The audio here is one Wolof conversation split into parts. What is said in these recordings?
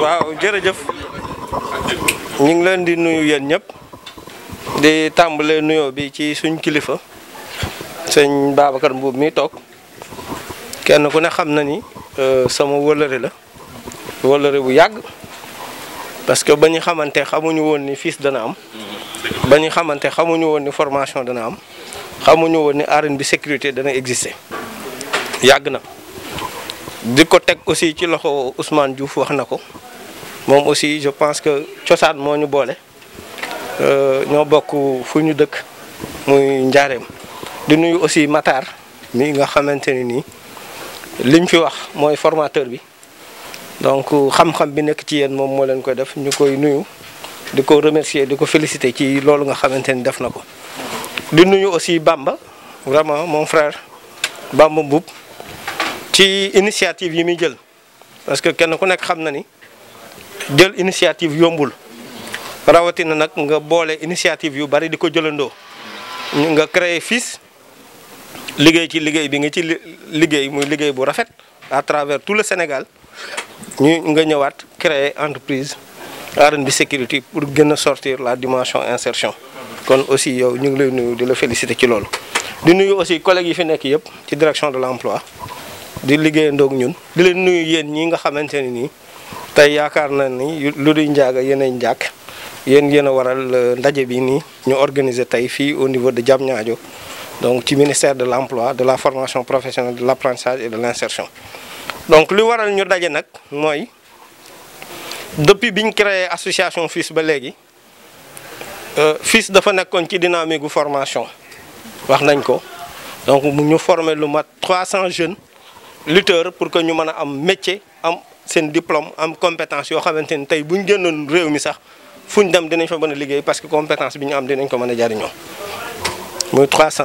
waaw jërëjëf ñu ngi leen di nuyu yéen ñëpp di tàmbalee nuyoo bi ci suñ kilifa sëñ Babacar Mbuub mi toog kenn ku ne xam na ni euh, sama wëlëre la wëlëre bu yàgg parce que ba ñu xamante xamuñu woon ni fiis dana am ba ñu xamante xamuñu woon ni formation dana am xamuñu woon ni arène bi sécurité dana exister yàgg na di ko teg aussi ci loxo Ousmane Diouf wax na ko moom aussi je pense que cosaan moo ñu boole euh, ñoo bokk fu ñu dëkk muy njaareem di nuyu aussi Matar mi nga xamante ni nii liñ fi wax mooy formateur bi donc xam-xam bi nekk ci yéen moom moo leen koy def ñu koy nuyu di ko remercier di ko féliciter ci loolu nga xamante ni def na ko di nuyu aussi Bamba vraiment mon frère Bamba mbub ci initiative yi muy jël parce que kenn ku nekk xam na ni jël initiative yombul rawatina nag nga boole initiative yu bari di ko jëlandoo nga créer FIS liggéey ci liggéey bi nga ci liggéey muy liggéey bu rafet à travers tout le Sénégal ñu nga ñëwaat créer entreprise R&B Security pour gën a sortir la dimension insertion kon aussi yow ñu ngi lay nuyu di la féliciter ci loolu di nuyu aussi collègues yi fi nekk yëpp ci direction de l'emploi di liggéeyandoog ñun di leen nuyu yéen ñi nga xamante ne nii tey yaakaar na ni lu di njaaga yéenay njaag yéen yéen a waral euh, ndaje bi nii ñu organiser tey fii au niveau de Diamniadio donc ci ministère de l'emploi de la formation professionnelle de l'apprentissage et de l'insertion donc li waral ñu daje nag mooy depuis biñ créé association FILS ba léegi euh, FILS dafa nekkoon ci dynamique gu formation wax nañ ko donc mu ñu former lu mat trois 300 jeunes lutteur pour que ñu mën a am métier am seen diplôme am compétence yoo xamante ni tey bu ñu génnoon réew mi sax fu ñu dem dinañ fa mën a liggéey parce que compétence bi ñu am dinañ ko mën a jariñoo muy 300.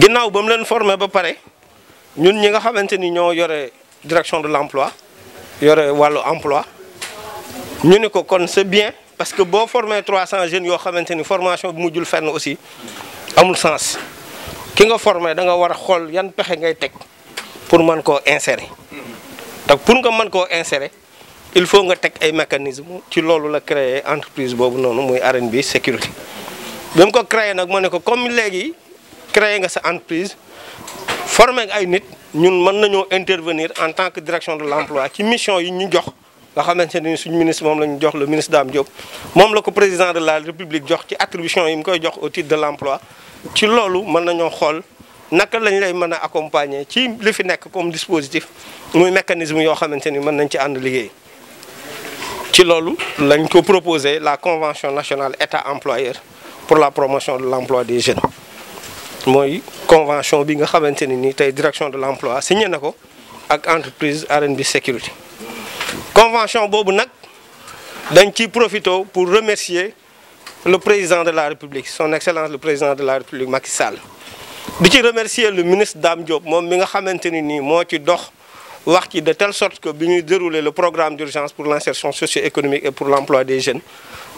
ginnaaw ba mu leen formé ba pare ñun ñi nga xamante ni ñoo yore direction de l'emploi yore wàllu emploi ñu ne ko kon c'est bien parce que boo formé 300 jeunes yoo xamante ni formation bi mujjul fenn aussi amul sens ki nga formé da nga war a xool yan pexe ngay teg. pour man koo insérer donc pour nga mën koo insérer il faut nga teg ay mécanisme ci loolu la créer entreprise boobu noonu muy RNB sécurité bi mu ko créer nag ma ne ko comme léegi créer nga sa entreprise formé ay nit ñun mën nañoo intervenir en tant que direction de l'emploi ci mission yi ñu jox nga xamante ni suñu ministre moom la ñu jox le ministre Dame Diop moom la ko président de la république jox ci attribution yi mu koy jox au de l'emploi ci loolu mën nañoo xool naka lañ lay mën a accompagner ci li fi nekk comme dispositif muy mécanisme yoo xamante ni mën nañ ci ànd liggéey ci loolu lañ ko proposé la convention nationale état employeur pour la promotion de l'emploi des jeunes mooy convention bi nga xamante ni nii tey direction de l'emploi signé ne ko ak entreprise RNB sécurité convention boobu nag dañ ciy profité pour remercier le président de la république son excellence le président de la république Macky Sall di ci remercier le ministre Dame Diop moom mi nga xamante ni nii moo ci dox wax ci de telle sorte que bi ñuy dérouler le programme d'urgence pour l'insertion socio-économique et pour l'emploi des jeunes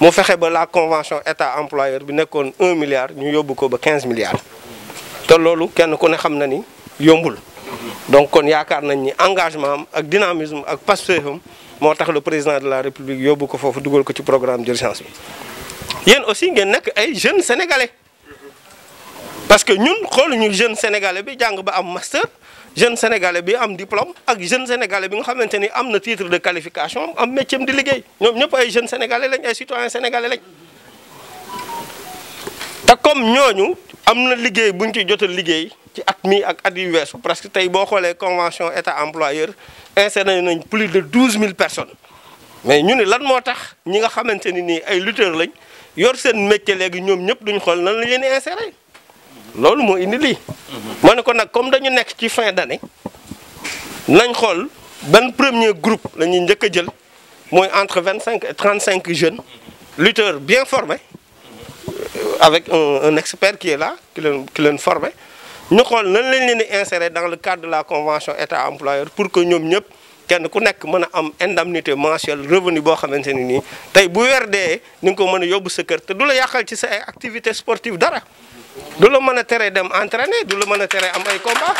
mu fexe ba la convention état employeur bi nekkoon un milliard ñu yóbbu ko ba 15 milliards te loolu kenn ku ne xam na ni yombul donc kon yaakaar nañ ni engagement am ak dynamisme ak pastéefam moo tax le président de la république yóbbu ko foofu dugal ko ci programme d'urgence bi yéen aussi ngeen nekk ay jeunes sénégalais parce que ñun xooluñu jeune sénégalais bi jàng ba am master jeune sénégalais bi am diplôme ak jeune sénégalais bi nga xamante ni am na titre de qualification am métier di liggéey ñoom ñëpp ay jeune sénégalais lañ ay comme ñooñu am na liggéey buñ ci jot liggéey ci at mi ak at yu weesu parce que tey boo xoolee convention état employeur inséré nañ plus de douze mille personnes mais ñu ne lan moo tax ñi nga xamante ni nii ay lutteurs lañ yor seen métier léegi ñoom ñëpp duñ xool nan la leen di loolu moo indi lii. moo mhm. ne ko nag comme dañu nekk ci fin d'année nañ xool ban premier groupe la ñuy njëkk a jël mooy entre vingt cinq et cinq jeunes lutteurs bien formés euh, avec un, un expert qui est là ki leen qui leen formé ñu xool nan lañ leen di insérer dans le cadre de la convention état employeur pour que ñoom ñëpp kenn ku nekk mën a am indemnité mensuelle revenu boo xamante ne nii tey bu weer dee ni nga ko mën a yóbbu sa kër te du la yàqal ci sa ay activité sportive dara. du la mën a tere dem entraîner du la mën a tere am ay combat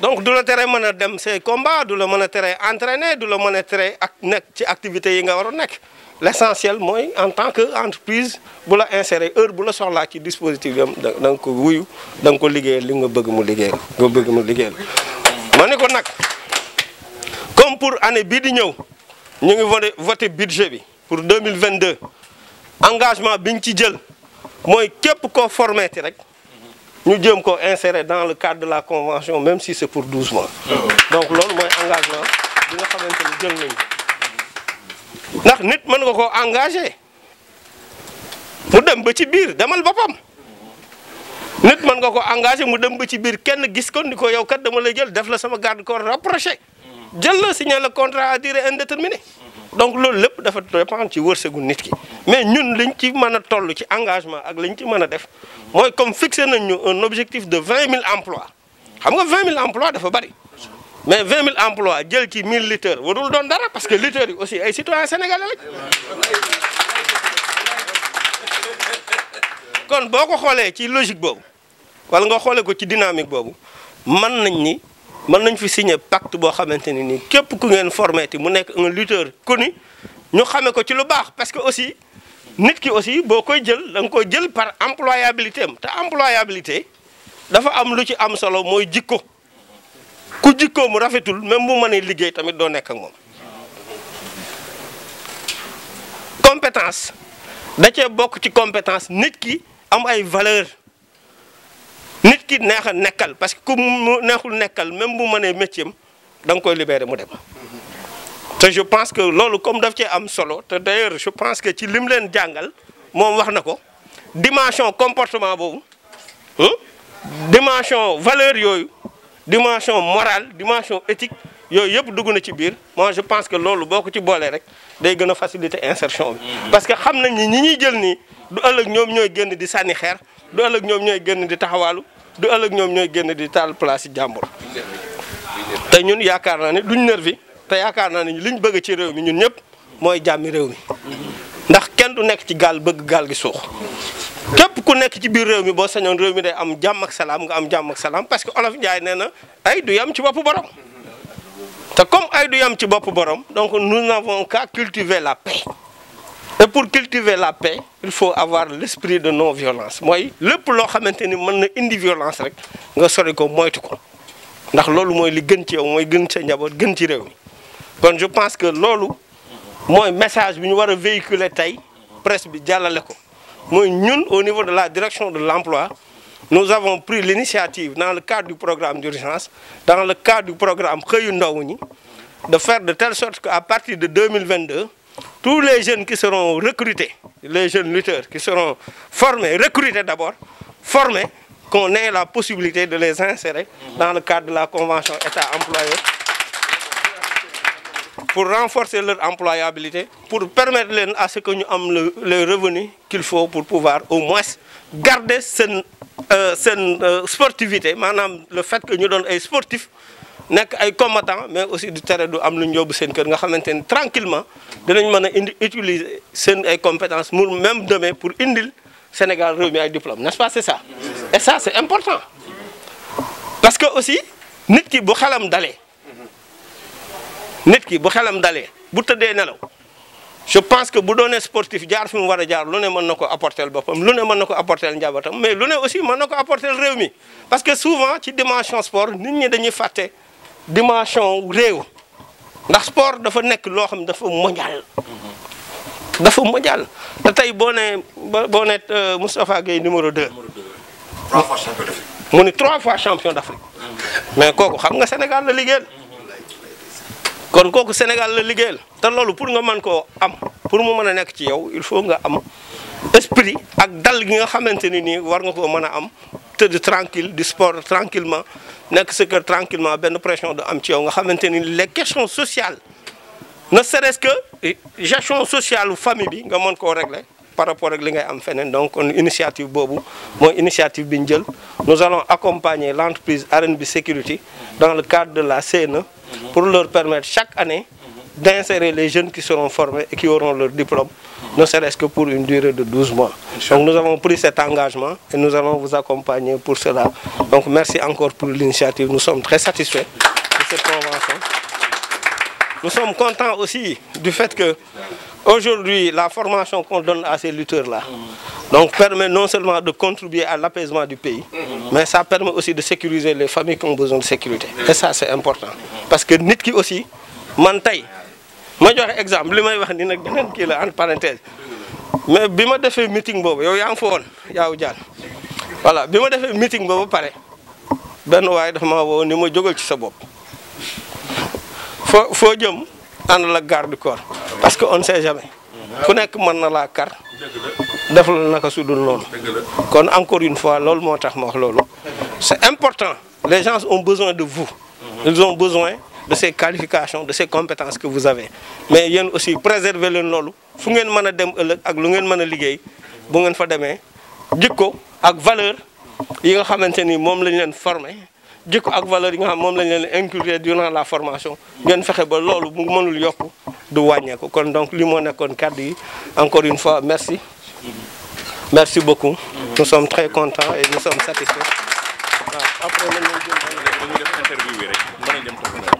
donc du la tere mën a dem say combat du la mën a tere entraîner du la mën a tere ak nekk ci activités yi nga war a nekk l' essentiel mooy en tant que entreprise bu la insérer heure bu la soxlaa ci dispositif bi da nga ko wuyu da ko liggéeyal li nga bëgg mu liggéey nga bëgg mu liggéeyal ma ne ko nag comme pour année bii di ñëw ñu ngi voté budget bi pour 2022 engagement bi ñu ci jël mooy képp koo formeeti rek ñu jëm ko insérer dans le cadre de la convention même si c'est pour 12 mois donc loolu mooy engagement bi nga xamante ni jël nañ ndax nit mën nga ko engage mu dem ba ci biir demal boppam nit mën nga ko engage mu dem ba ci biir kenn gis ko ni ko yow kat dama jël def la sama garde corps rapproché jël la signé le contrat à durée indéterminée donc loolu lépp dafa dépendre ci wërsëgu nit ki mais ñun liñ ci mën a toll ci engagement ak lañu ci mën a def mooy comme fixé nañ ñu un objectif de vingt mille emplois xam nga vingt mille emplois dafa bari mais vingt mille emplois jël ci mille lutteurs warul doon dara parce que lutteurs yi aussi ay citoyens sénégalais lañ kon boo ko xoolee ci logique boobu wala nga xoolee ko ci dynamique boobu mën nañ ni mën nañ fi signer pacte boo xamante ni nii képp ku ngeen formé ti mu nekk un lutteur connu ñu xamee ko ci lu baax parce que aussi nit ki aussi boo koy jël da nga koy jël par employabilité am te employabilité dafa am lu ci am solo mooy jikko ku jikkoo mu rafetul même bu mënee liggéey tamit doo nekk ak moom compétence da cee bokk ci compétence nit ki am ay valeur nit ki neex nekkal parce que ku neexul nekkal même bu mënee métier am da nga koy libéré mu dem te je pense que loolu comme daf cee am solo te d'ailleurs je pense que ci lim leen jàngal moom wax na ko dimension comportement boobu dimension valeur yooyu dimension morale dimension éthique yooyu yëpp dugg na ci biir moo je pense que loolu boo ko ci boolee rek day gën facilité faciliter insertion bi. Mm-hmm. parce que xam nañ ñi ñi ñuy jël nii du ëllëg ñoom ñooy génn di sànni xeer du ëllëg ñoom ñooy génn di taxawaalu du ëllëg ñoom ñooy génn di taal place yi jàmbur. te ñun yaakaar naa ne duñ nervi te yaakaar naa ne liñ bëgg ci réew mi ñun ñëpp mooy jàmmi réew mi ndax kenn du nekk ci gaal bëgg gaal gi suux képp ku nekk ci biir réew mi boo sañoon réew mi day am jàmm ak salaam nga am jàmm ak salaam parce que olof Njaay nee na ay du yam ci bopp borom te comme ay du yam ci bopp borom donc nu n'avons qu'à cultiver la paix et pour cultiver la paix il faut avoir l'esprit de non violence mooy lépp loo xamante ni mën na indi violence rek nga sori ko moytu ko ndax loolu mooy li gën ci yow mooy gën sa njaboot gën ci réew mi kon je pense que loolu mooy message bi ñu war a véhiculer tey presse bi jàllale ko mooy ñun au niveau de la direction de l'emploi nous avons pris l'initiative dans le cadre du programme d'urgence dans le cadre du programme xëyu ndaw ñi de faire de telle sorte qu'à partir de 2022 tous les jeunes qui seront recrutés les jeunes lutteurs qui seront formés recrutés d'abord formés qu'on ait la possibilité de les insérer dans le cadre de la convention État employeur pour renforcer leur employabilité, pour permettre à ce que ñu am le, les revenus qu'il faut pour pouvoir au moins garder cette, euh, cette euh, sportivité. maanaam le fait que nous donnons des sportifs, nekk ay combattant mais aussi du tere du am lu ñu yóbbu seen kër nga xamante ni tranquillement dinañ mën a indi utiliser seen ay compétences mu même demain pour indil Sénégal réew mi ay diplôme n'est-ce pas c'est ça et ça c'est important parce que aussi nit ki bu xalam dalee nit ki bu xelam dalee bu tëddee nelaw je pense que bu doonee sportif jaar fi mu war a jaar lu ne mën na ko apporter boppam lu ne mën na ko apporter njabootam mais lu ne aussi mën na ko apporter réew parce que souvent ci dimension sport nit ñi dañuy fàtte dimension réew ndax sport dafa nekk loo xam dafa mondial dafa mondial te tey boo nee boo nee euh, Moustapha Gueye numéro 2. mu ni trois fois champion d'Afrique mais kooku xam nga Sénégal la liggéeyal. kon kooku Sénégal la liggéeyal te loolu pour nga man koo am pour mu mën a nekk ci yow il faut nga am esprit ak dal gi nga xamante ni nii war nga koo mën a am tëdd tranquille di sport tranquillement nekk sa kër tranquillement benn pression du am ci yow nga xamante ni les questions sociales ne serait que gestion sociale famille bi nga mën koo régler par rapport ak li ngay am feneen donc kon initiative boobu mooy initiative bi ñu jël allons accompagner l' entreprise RNB Sécurité dans le cadre de la CNE pour leur permettre chaque année d'insérer les jeunes qui seront formés et qui auront leur diplôme, ne serait-ce que pour une durée de 12 mois. nous avons pris cet engagement et nous allons vous accompagner pour cela. Donc merci encore pour l'initiative, nous sommes très satisfaits de cette convention. Nous sommes contents aussi du fait que aujourd'hui la formation qu'on donne à ces lutteurs-là donc permet non seulement de contribuer à l'apaisement du pays, mais ça permet aussi de sécuriser les familles qui ont besoin de sécurité. Et ça c'est important parce que nit ki aussi man tey ma jox exemple li may wax ni nag beneen kii la parenthèse mais bi ma defee meeting boobu yow yaa ngi fa yaa wu jaan voilà bi ma defee meeting boobu pare benn waaye dafa ma woo ni ma jógal ci sa bopp. foo foo jëm ànd la garde corps parce que on sait jamais ku nekk mën na laa kar def la naka sudul noonu kon encore une fois loolu moo tax moo wax loolu c'est important les gens ont besoin de vous ils ont besoin de ces qualifications de ces compétences que vous avez mais yéen aussi préserver leen loolu fu ngeen mën a dem ëllëg ak lu ngeen mën a liggéey bu ngeen fa demee jikko ak valeur yi nga xamante ni moom lañ leen former jikko ak valeur yi nga xam moom lañ leen durant la formation ngeen fexe ba loolu mu mënul yokk du wàññeeku kon donc li moo nekkoon kàddu encore une fois merci merci beaucoup nous sommes très contents et nous sommes satisfaits waaw